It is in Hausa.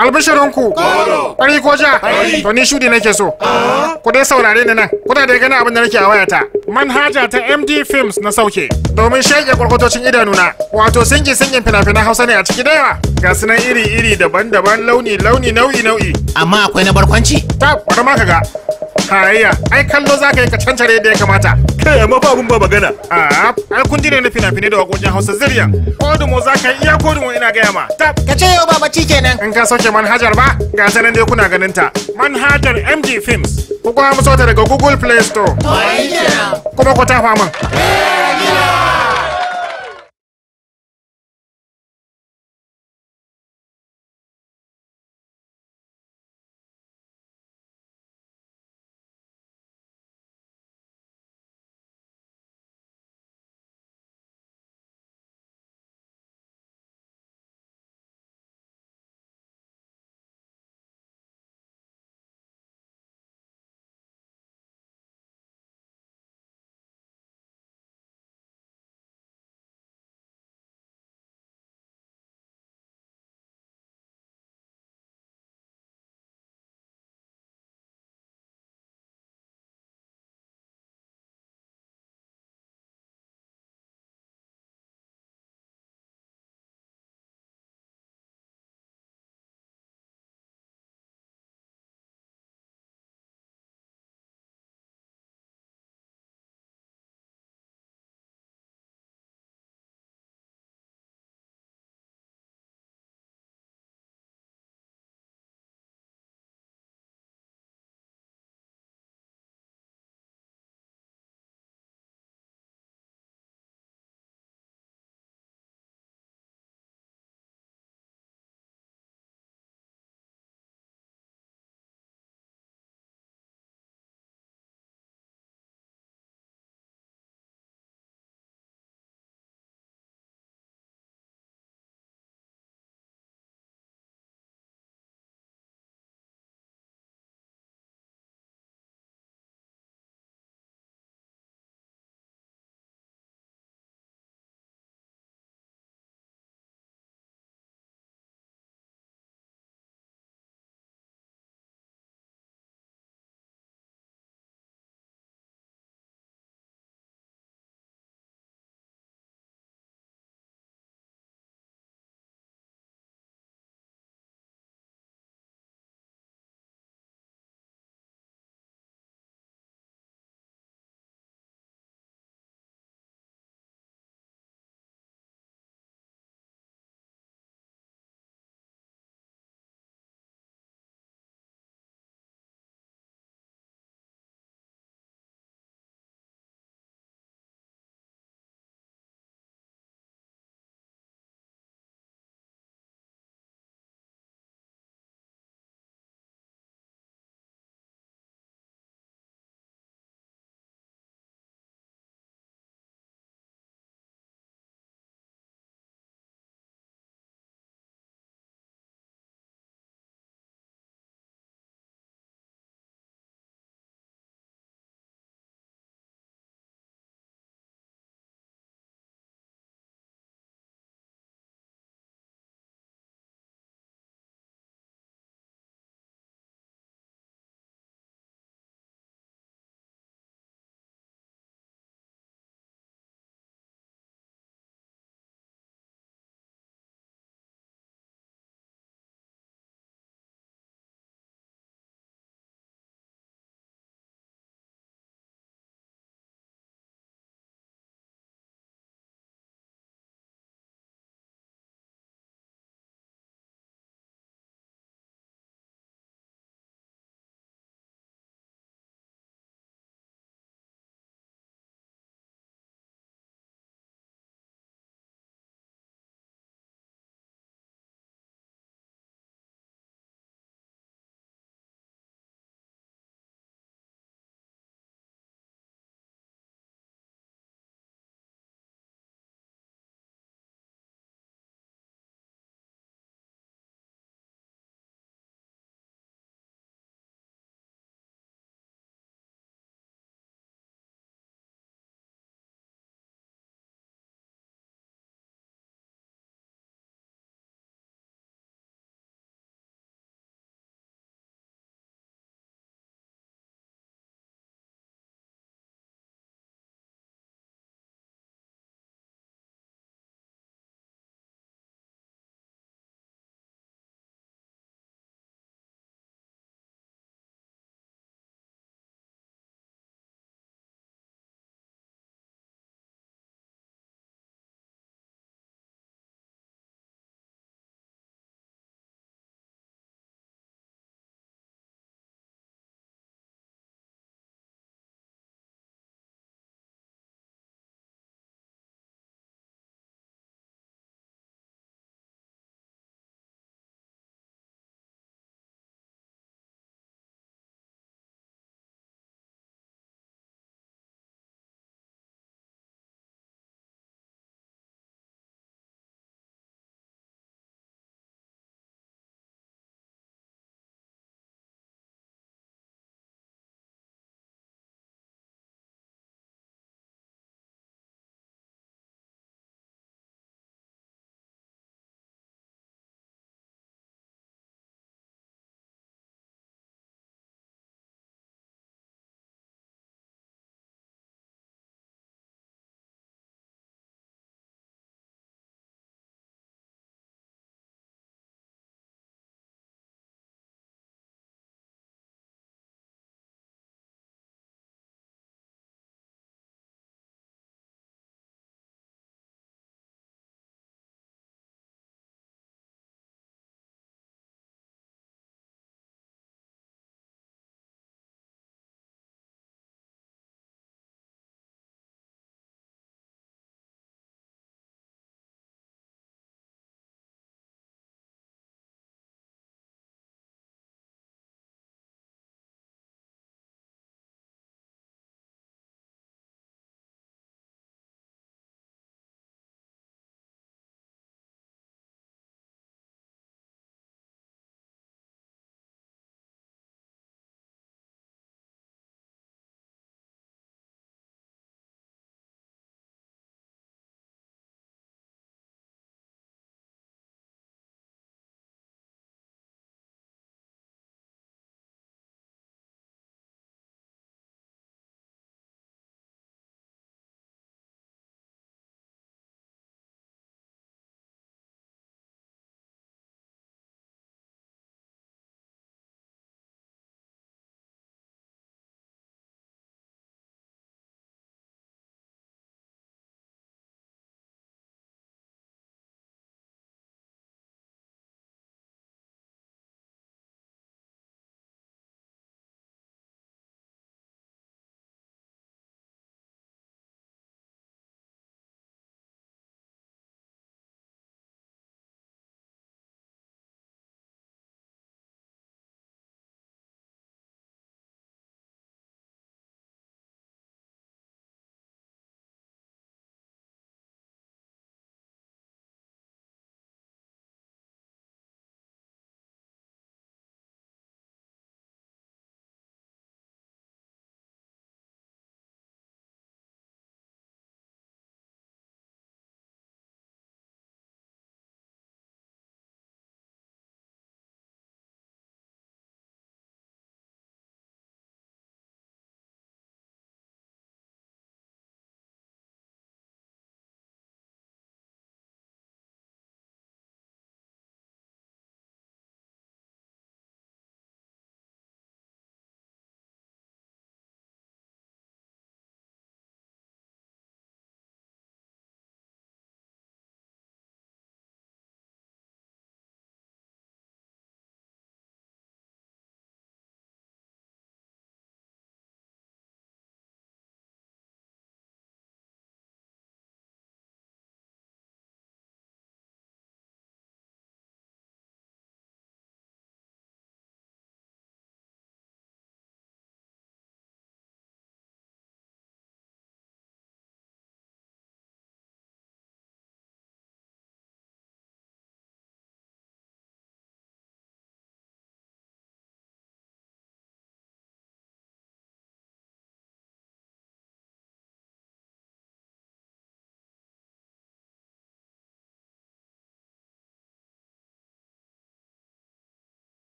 albishirinku ƙari ko ja to ni shudi nake so ku dai saurare ni nan kuna da gani abin da nake a wayata manhaja ta md films na sauke domin shaƙe kwarkwatocin idanuna wato singi singin fina-finan hausa ne a ciki da yawa ga sunan iri-iri daban-daban launi launi nau'i nau'i amma akwai na barkwanci ta bari ma ka ga Hayya, ai kallo za ka yi ka cancare da ya kamata. Kai amma fa abun ba magana. A, ah, ai kun ji ne na fina-finai da wakokin Hausa zirya. Kodumo za ka iya kodumo ina gaya ma. Ta, ka ce yau ba bacci kenan. In ka sauke manhajar ba, ga ta nan dai kuna ganin ta. Manhajar MG Films. Ku kuma musu ta daga Google Play Store. Kuma ku ta faman.